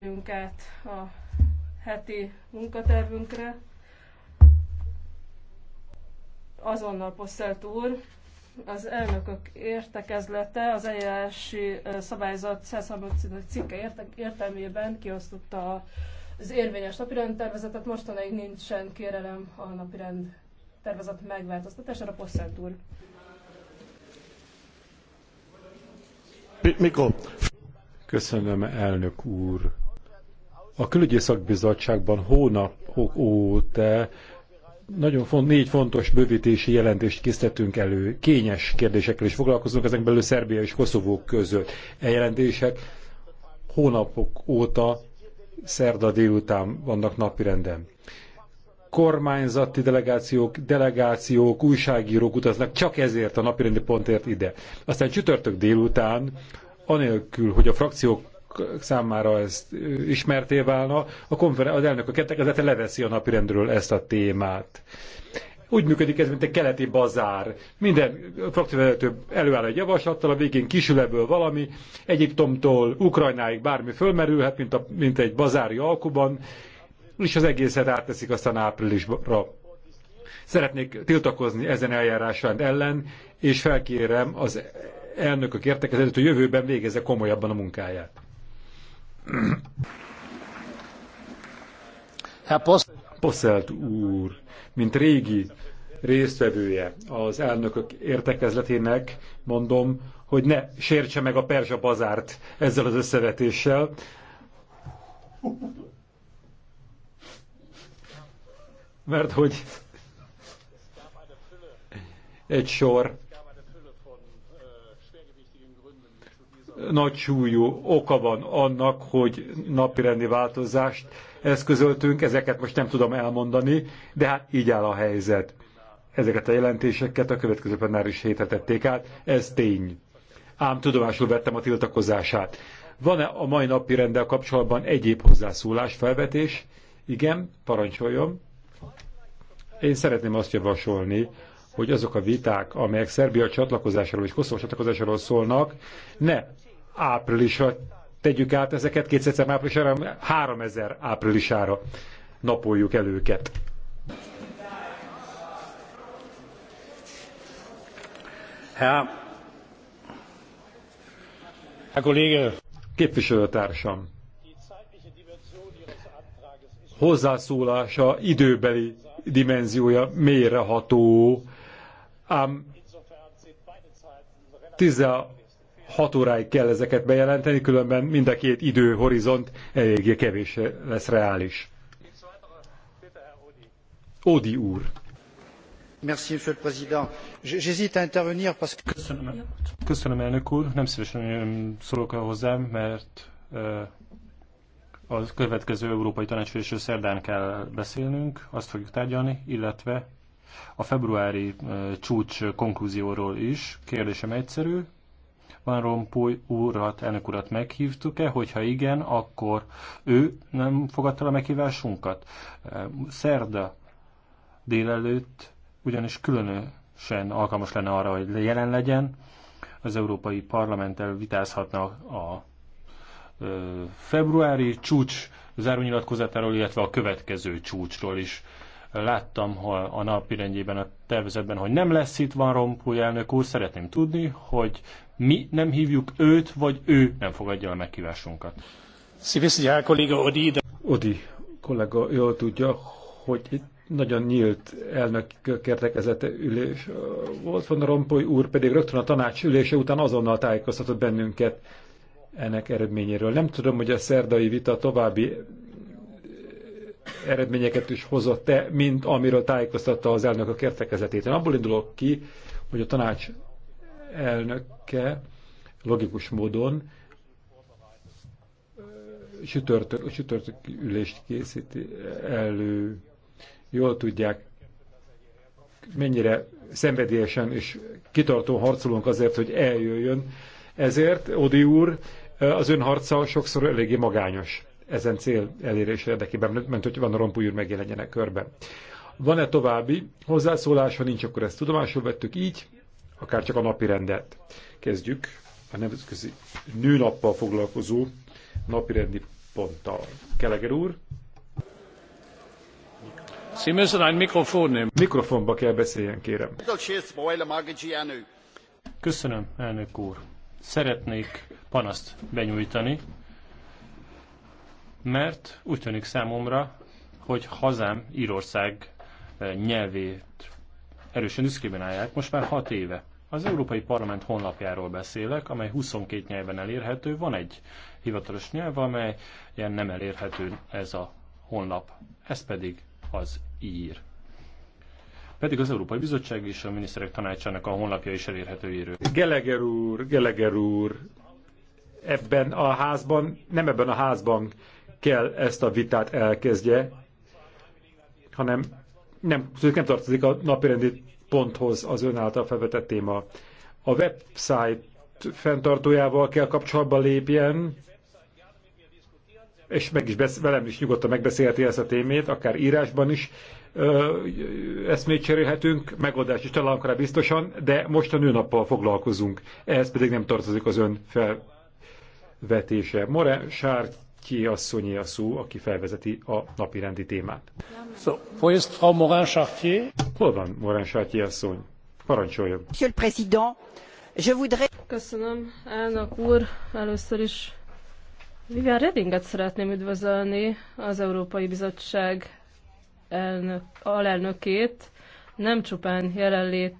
Térjünk át a heti munkatervünkre. Azonnal Posszelt úr, az elnökök értekezlete az eljárási szabályzat 135 cikke értelmében kiosztotta az érvényes napirend tervezetet. Mostanáig nincsen kérelem a napirend tervezet megváltoztatására. Posszelt úr. Mikor? Köszönöm, elnök úr. A külügyi szakbizottságban hónapok óta nagyon font, négy fontos bővítési jelentést készítettünk elő. Kényes kérdésekkel is foglalkozunk, ezek belül Szerbia és Koszovó között. E jelentések hónapok óta szerda délután vannak napirenden. Kormányzati delegációk, delegációk, újságírók utaznak csak ezért a napirendi pontért ide. Aztán csütörtök délután, anélkül, hogy a frakciók számára ezt ismerté válna, a konferen- az elnök a kettekezete leveszi a napirendről ezt a témát. Úgy működik ez, mint egy keleti bazár. Minden frakcióvezető előáll egy javaslattal, a végén kisül ebből valami, Egyiptomtól Ukrajnáig bármi fölmerülhet, mint, a, mint egy bazári alkuban, és az egészet átteszik aztán áprilisra. Szeretnék tiltakozni ezen eljárásán ellen, és felkérem az elnökök értekezetet, hogy jövőben végezze komolyabban a munkáját. Posselt úr, mint régi résztvevője az elnökök értekezletének, mondom, hogy ne sértse meg a Perzsa bazárt ezzel az összevetéssel. Mert hogy egy sor nagy súlyú oka van annak, hogy napirendi változást eszközöltünk, ezeket most nem tudom elmondani, de hát így áll a helyzet. Ezeket a jelentéseket a következő plenáris hétre tették át, ez tény. Ám tudomásul vettem a tiltakozását. Van-e a mai napi rendel kapcsolatban egyéb hozzászólás, felvetés? Igen, parancsoljon. Én szeretném azt javasolni, hogy azok a viták, amelyek Szerbia csatlakozásáról és Koszovó csatlakozásáról szólnak, ne áprilisra tegyük át ezeket, áprilisra, áprilisára, 3000 áprilisára napoljuk el őket. Herr, Herr Kollege. Képviselőtársam, hozzászólása időbeli dimenziója mélyreható, ám 6 óráig kell ezeket bejelenteni, különben mind a két időhorizont eléggé kevés lesz reális. Ódi úr. Merci, monsieur le président. J'hésite à intervenir parce que... Köszönöm, köszönöm, elnök úr. Nem szívesen szólok hozzám, mert a következő Európai Tanácsülésről szerdán kell beszélnünk, azt fogjuk tárgyalni, illetve a februári csúcs konklúzióról is. Kérdésem egyszerű, van Rompuy úrat, elnök urat meghívtuk-e? Hogyha igen, akkor ő nem fogadta a meghívásunkat. Szerda délelőtt ugyanis különösen alkalmas lenne arra, hogy jelen legyen. Az Európai Parlamenttel vitázhatna a februári csúcs zárónyilatkozatáról, illetve a következő csúcsról is. Láttam a napirendjében, a tervezetben, hogy nem lesz itt van Rompuy elnök úr. Szeretném tudni, hogy mi nem hívjuk őt, vagy ő nem fogadja a meghívásunkat. Szívesen, hát, kolléga Odi. Odi kollega jól tudja, hogy itt nagyon nyílt elnök kertekezete ülés volt. Van Rompuy úr pedig rögtön a tanács ülése után azonnal tájékoztatott bennünket ennek eredményéről. Nem tudom, hogy a szerdai vita további eredményeket is hozott-e, mint amiről tájékoztatta az elnök a kertekezetét. Én abból indulok ki, hogy a tanács elnöke logikus módon sütörtök, sütörtök ülést készít elő. Jól tudják, mennyire szenvedélyesen és kitartóan harcolunk azért, hogy eljöjjön. Ezért, Odi úr, az ön harca sokszor eléggé magányos ezen cél elérés érdekében, mert hogy van a rompúj megjelenjenek körben. Van-e további hozzászólás, ha nincs, akkor ezt tudomásul vettük így, akár csak a napi rendet. Kezdjük a nemzetközi nőnappal foglalkozó napirendi ponttal. Keleger úr? Sie müssen ein Mikrofon nehmen. Mikrofonba kell beszéljen, kérem. Köszönöm, elnök úr. Szeretnék panaszt benyújtani mert úgy tűnik számomra, hogy hazám, Írország eh, nyelvét erősen diszkriminálják most már hat éve. Az Európai Parlament honlapjáról beszélek, amely 22 nyelven elérhető. Van egy hivatalos nyelv, amely ilyen nem elérhető ez a honlap. Ez pedig az ír. Pedig az Európai Bizottság és a miniszterek tanácsának a honlapja is elérhető írő. Geleger úr, Geleger úr, ebben a házban, nem ebben a házban kell ezt a vitát elkezdje, hanem nem, nem tartozik a napirendi ponthoz az ön által felvetett téma. A website fenntartójával kell kapcsolatba lépjen, és meg is besz- velem is nyugodtan megbeszélheti ezt a témét, akár írásban is eszmét cserélhetünk, megoldást is találunk rá biztosan, de most a nőnappal foglalkozunk. Ehhez pedig nem tartozik az ön felvetése. More Sárt ki asszonyi a szó, aki felvezeti a napi rendi témát. So, wo ist Frau Morin Chartier? Hol van Morin Chartier asszony? Parancsoljon. Monsieur le Président, je voudrais... Köszönöm, elnök úr. Először is Vivian Redinget szeretném üdvözölni, az Európai Bizottság elnök, alelnökét, nem csupán jelenlét